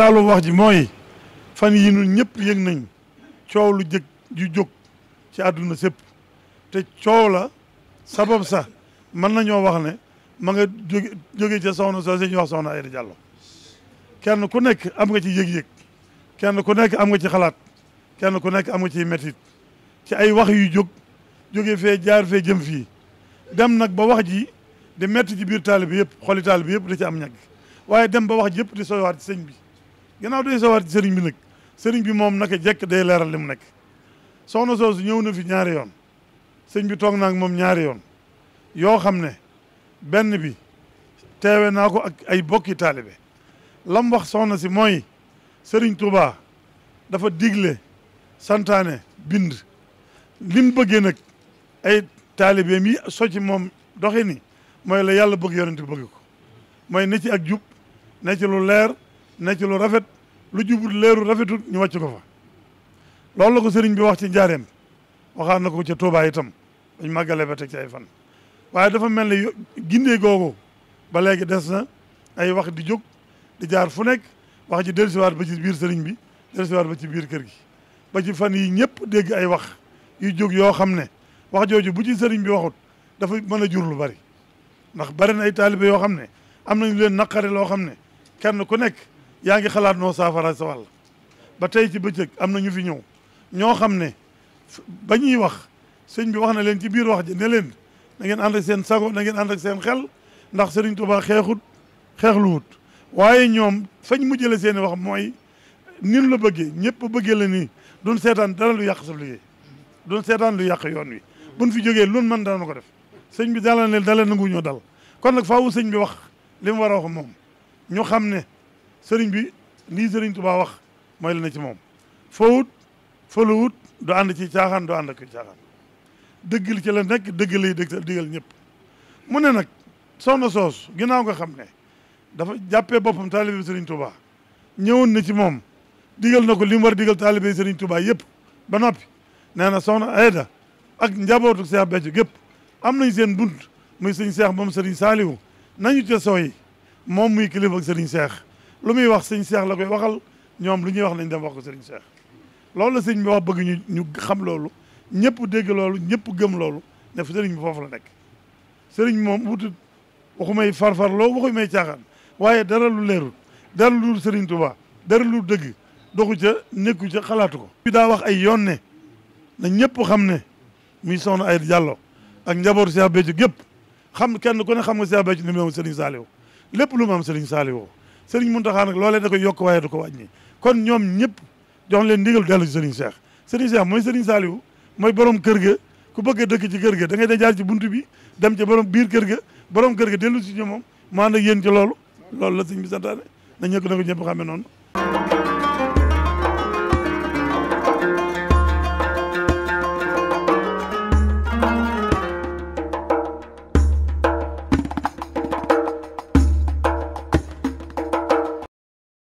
taalu wax ji mooy fan yi ñun ñëpp yëg nañ coow lu jëg ju jóg ci àdduna sëpp te coow la sabab sax mën nañoo wax ne ma nga jóge jóge ca soxna soo ñu wax soxna Aïda Diallo kenn ku nekk am nga ci yëg-yëg kenn ku nekk am nga ci xalaat kenn ku nekk am nga ci métit ci ay wax yu jóg jóge fee jaar fee jëm fii dem nag ba wax ji di métti ci biir taali bi yëpp xoli taali bi yëpp da ci am ñag waaye dem ba wax ji yëpp di soywaat ci sëñ bi gannaaw day sawaat sëriñ bi nag sëriñ bi moom naka jekk day leeral li mu nekk soxna soosu ñëw na fi ñaari yoon sëñ bi toog naag moom ñaari yoon yoo xam ne benn bi teewe naa ko ak ay bokki taalibe lam wax si mooy sëriñ Touba dafa digle santaane bind lim bëggee nag ay taalibeem yi soci moom doxi ni mooy la yàlla bëgg yonent bëgg ko mooy ne ci ak jub ne lu leer ne ci lu rafet lu jubut leeru rafetut ñu wàcc ko fa loolu la ko sëriñ bi wax ci njaareem waxaan na ko ca Tuubaa itam ñu màggale ba teg ci ay fan waaye dafa mel ne gindee googu ba léegi des na ay wax di jóg di jaar fu nekk wax ji dellusiwaat ba ci biir sëriñ bi dellusiwaat ba ci biir kër gi ba ci fan yi ñëpp dégg ay wax yu jóg yoo xam ne wax jooju bu ci sëriñ bi waxut dafa mën a jur lu bari ndax bari na ay yoo xam ne am nañu leen naqare loo xam ne kenn ku nekk yaa ngi xalaat noo saafara sa ba tey ci bëccëg am na ñu fi ñëw ñoo xam ne ba ñuy wax sëñ bi wax na leen ci biir wax ji ne leen na ngeen ànd ak seen sago na ngeen ànd ak seen xel ndax Sëriñ Tuubaa xeexut xeexluwut waaye ñoom fañ mujjale seen i wax mooy nin la bëggee ñëpp bëggee la nii duñ seetaan dara lu yàq sa liggéey duñ seetaan lu yàq yoon wi buñ fi jógee lun mën daanu ko def sëñ bi dalan leen dalee nangu ñoo dal kon nag faawu sëñ bi wax li war a wax moom ñu xam ne sëriñ bi nii sëriñ Tuubaa wax mooy la ne ci moom fowut fëluwut du ànd ci caaxaan du ànd ak caaxaan dëggal ci la nekk dëgg lay dëgg digal ñëpp mu ne nag soxna soos ginnaaw nga xam ne dafa jàppee boppam taalibe sëriñ Tuubaa ñëwoon na ci moom diggal na ko li war diggal digal taalibe sëriñ Tuubaa yëpp ba noppi nee na soxna Aida ak njabootu Seex Béthio gépp am nañ seen bunt muy sëriñ Seex moom sëriñ Saaliwu nañu ca sooyi moom muy kilifa ak sëriñ Seex lu muy wax sëñ Cheikh la koy waxal ñoom lu ñuy wax nañ dem wax ko sëriñ Cheikh loolu la sëñ bi wax bëgg ñu xam loolu ñëpp dégg loolu ñëpp gëm loolu ne sëriñ bi foofu la nekk sëriñ moom wut waxu may farfar loo waxu may waaye dara lu leerul dara lu sëriñ Tuubaa dara lu dëgg doxu ca nekku ca xalaatu ko bi daa wax ay yoon ne na ñëpp xam ne muy soon ay jàlloo ak njabootu Cheikh Béthio gépp xam kenn ku ne xam nga Cheikh Béthio ni mu ne sëriñ Saliou lépp lu mu am sëriñ Saliou Serigne Mountakha nag loolee da koy yokk waaye du ko wàññi kon ñoom ñëpp jox leen ndigal dellu ci Serigne Cheikh Serigne Cheikh mooy Serigne Saliou mooy borom kër ku bëgg a dëkk ci kër ga da ngay da jaar ci bunt bi dem ci borom biir kër ga borom kër ga dellu ci ñoom moom mu yéen ci loolu loolu la sëñ bi santaane na ñëkk na ko ñëpp xamee noonu